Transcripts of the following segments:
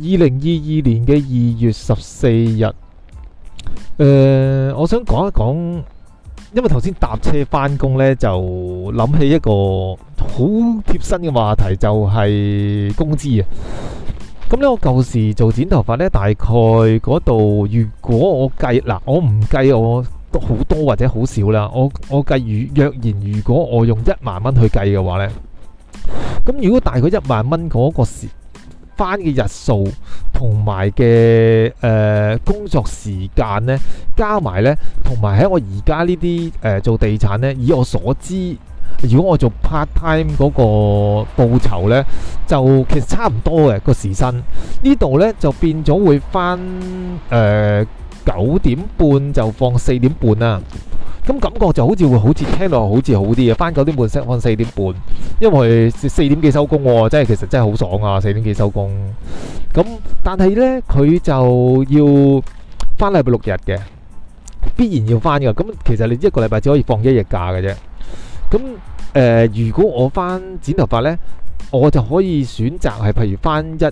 二零二二年嘅二月十四日，誒，我想講一講，因為頭先搭車返工呢，就諗起一個好貼身嘅話題，就係工資啊。咁呢，我舊時做剪頭髮呢，大概嗰度，如果我計嗱，我唔計我好多或者好少啦，我我計如若然如果我用一萬蚊去計嘅話呢，咁如果大概一萬蚊嗰個時。翻嘅日數同埋嘅誒工作時間呢，加埋呢，同埋喺我而家呢啲誒做地產呢，以我所知，如果我做 part time 嗰個報酬呢，就其實差唔多嘅個時薪。呢度呢，就變咗會翻誒九點半就放四點半啦。咁感覺就好似會好似聽落好似好啲嘅，翻九點半 set 翻四點半，因為四點幾收工喎，真係其實真係好爽啊！四點幾收工，咁但係呢，佢就要翻禮拜六日嘅，必然要翻嘅。咁其實你一個禮拜只可以放一日假嘅啫。咁誒、呃，如果我翻剪頭髮呢，我就可以選擇係譬如翻一，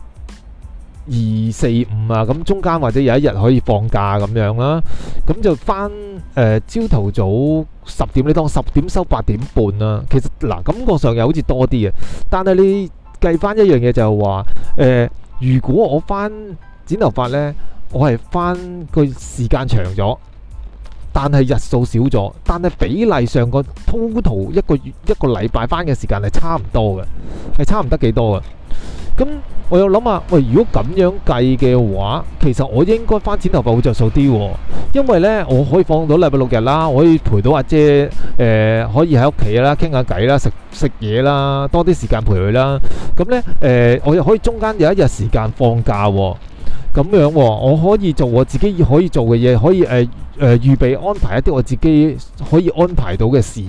二四五啊，咁中間或者有一日可以放假咁樣啦，咁就翻誒朝頭早十點，你當十點收八點半啦、啊。其實嗱感覺上又好似多啲啊。但係你計翻一樣嘢就係話誒，如果我翻剪頭髮呢，我係翻個時間長咗，但係日數少咗，但係比例上個 total 一個月一個禮拜翻嘅時間係差唔多嘅，係差唔得幾多嘅。咁我又諗下，喂，如果咁樣計嘅話，其實我應該翻剪頭髮會着數啲，因為呢，我可以放到禮拜六日啦，我可以陪到阿姐，誒、呃，可以喺屋企啦，傾下偈啦，食食嘢啦，多啲時間陪佢啦。咁呢，誒、呃，我又可以中間有一日時間放假，咁樣我可以做我自己可以做嘅嘢，可以誒預備安排一啲我自己可以安排到嘅事，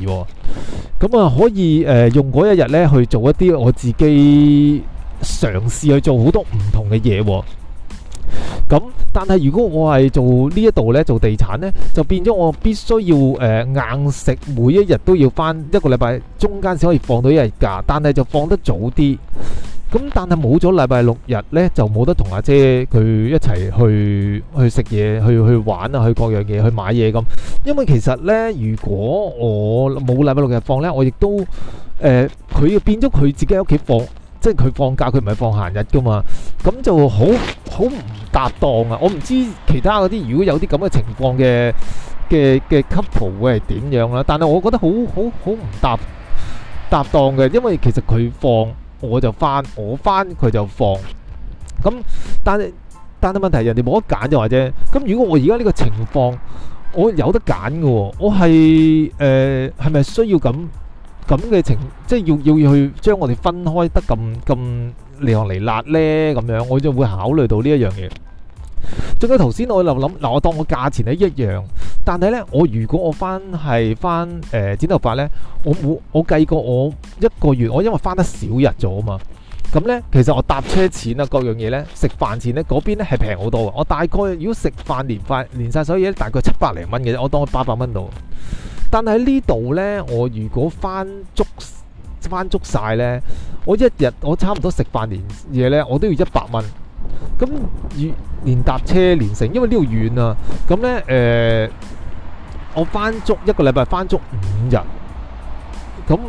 咁啊，可以誒、呃，用嗰一日呢去做一啲我自己。嘗試去做好多唔同嘅嘢，咁但係如果我係做呢一度呢，做地產呢，就變咗我必須要誒、呃、硬食，每一日都要返一個禮拜，中間先可以放到一日假，但係就放得早啲。咁但係冇咗禮拜六日呢，就冇得同阿姐佢一齊去去食嘢、去去玩啊、去各樣嘢、去買嘢咁。因為其實呢，如果我冇禮拜六日放呢，我亦都誒，佢、呃、要變咗佢自己喺屋企放。即係佢放假，佢唔係放閒日噶嘛，咁就好好唔搭檔啊！我唔知其他嗰啲如果有啲咁嘅情況嘅嘅嘅 couple 會係點樣啦，但係我覺得好好好唔搭搭檔嘅，因為其實佢放我就翻，我翻佢就放，咁但係但係問題係人哋冇得揀就話啫。咁如果我而家呢個情況，我有得揀嘅，我係誒係咪需要咁？咁嘅情，即係要要要去將我哋分開得咁咁離落離辣呢。咁樣，我就會考慮到呢一樣嘢。即係頭先我又諗，嗱我當我價錢係一樣，但係呢，我如果我翻係翻誒剪頭髮呢，我冇我計過我一個月，我因為翻得少日咗啊嘛，咁呢，其實我搭車錢啊各樣嘢呢，食飯錢呢，嗰邊呢係平好多嘅。我大概如果食飯連飯連晒所有大概七百零蚊嘅啫，我當佢八百蚊度。但喺呢度呢，我如果翻足翻足晒呢，我一日我差唔多食飯連嘢呢，我都要一百蚊。咁連搭車連成，因為呢度遠啊。咁呢，誒、呃，我翻足一個禮拜翻足五日，咁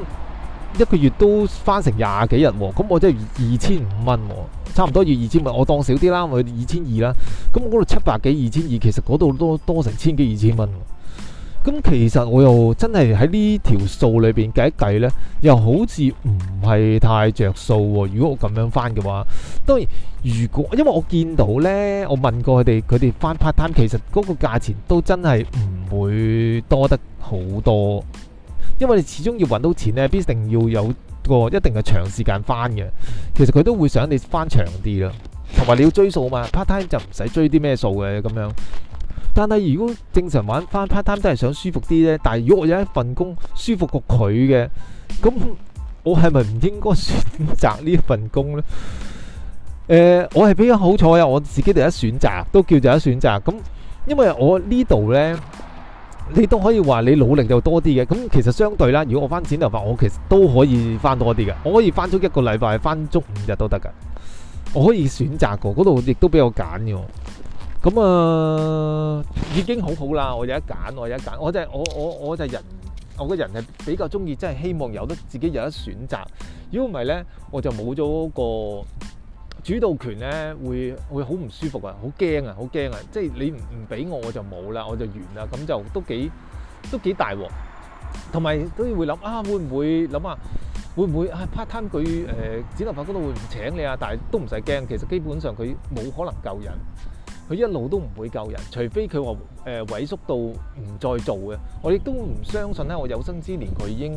一個月都翻成廿幾日，咁我真係二千五蚊，差唔多要二千蚊，我當少啲啦，我二千二啦。咁嗰度七百幾二千二，其實嗰度都多成千幾二千蚊。咁其實我又真係喺呢條數裏面計一計呢，又好似唔係太着數喎。如果我咁樣翻嘅話，當然如果因為我見到呢，我問過佢哋，佢哋翻 part time，其實嗰個價錢都真係唔會多得好多，因為你始終要揾到錢呢，必定要有個一定係長時間翻嘅。其實佢都會想你翻長啲啦，同埋你要追數嘛。part time 就唔使追啲咩數嘅咁樣。但係如果正常玩翻 part time 都係想舒服啲咧，但係如果我有一份工他舒服過佢嘅，咁我係咪唔應該選擇呢份工呢？誒、呃，我係比較好彩啊，我自己第一選擇都叫第一選擇，咁因為我呢度呢，你都可以話你努力就多啲嘅，咁其實相對啦，如果我翻剪頭髮，我其實都可以翻多啲嘅，我可以翻足一個禮拜，翻足五日都得噶，我可以選擇過，嗰度亦都俾我揀嘅。咁啊、嗯，已經好好啦。我有得揀，我有得揀。我就係、是、我我我就係人，我個人係比較中意，真係希望有得自己有得選擇。如果唔係咧，我就冇咗個主導權咧，會會好唔舒服啊，好驚啊，好驚啊。即係你唔唔俾我，我就冇啦，我就完啦。咁就都幾都幾大鑊。同埋都要會諗啊，會唔會諗啊？會唔會啊？part time 佢誒剪頭髮嗰度會唔請你啊？但係都唔使驚，其實基本上佢冇可能救人。佢一路都唔會救人，除非佢話誒萎縮到唔再做嘅。我亦都唔相信咧，我有生之年佢已經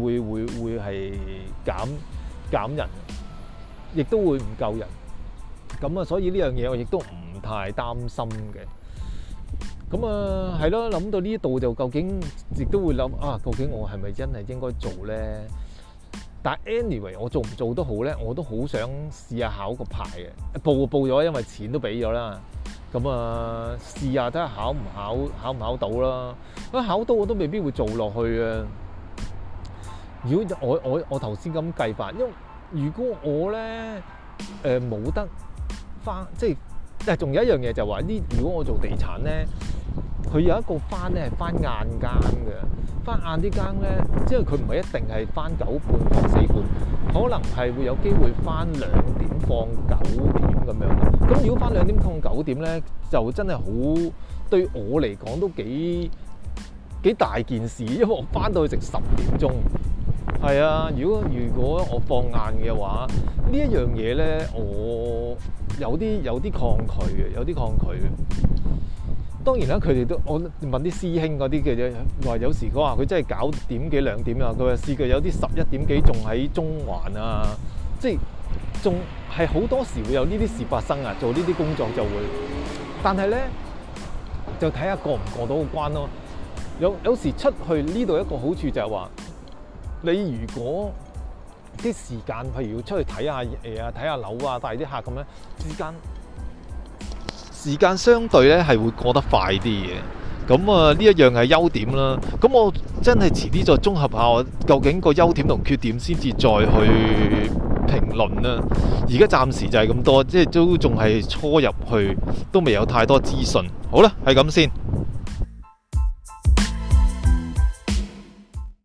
會會會係減減人，亦都會唔救人。咁啊，所以呢樣嘢我亦都唔太擔心嘅。咁啊，係咯，諗到呢度就究竟亦都會諗啊，究竟我係咪真係應該做咧？但 anyway，我做唔做都好咧，我都好想試下考個牌嘅報報咗，因為錢都俾咗啦。咁啊，試下睇下考唔考，考唔考到啦。考到我都未必會做落去啊。如果我我我頭先咁計法，因為如果我咧，呃、冇得返，即係，仲有一樣嘢就係話，呢如果我做地產咧。佢有一個翻咧，係翻晏間嘅，翻晏啲間咧，即係佢唔係一定係翻九半放四半，可能係會有機會翻兩點放九點咁樣嘅。咁如果翻兩點放九點咧，就真係好對我嚟講都幾幾大件事，因為我翻到去成十點鐘。係啊，如果如果我放晏嘅話，這東西呢一樣嘢咧，我有啲有啲抗拒嘅，有啲抗拒嘅。當然啦，佢哋都我問啲師兄嗰啲嘅嘢，話有時佢話佢真係搞點幾兩點啊，佢話試過有啲十一點幾仲喺中環啊，即係仲係好多時會有呢啲事發生啊，做呢啲工作就會，但係咧就睇下過唔過到個關咯。有有時出去呢度一個好處就係話，你如果啲時間譬如要出去睇下誒啊睇下樓啊帶啲客咁樣之間。時間相對咧係會過得快啲嘅，咁啊呢一樣係優點啦。咁我真係遲啲再綜合下，我究竟個優點同缺點先至再去評論啦。而家暫時就係咁多，即係都仲係初入去，都未有太多資訊。好啦，係咁先。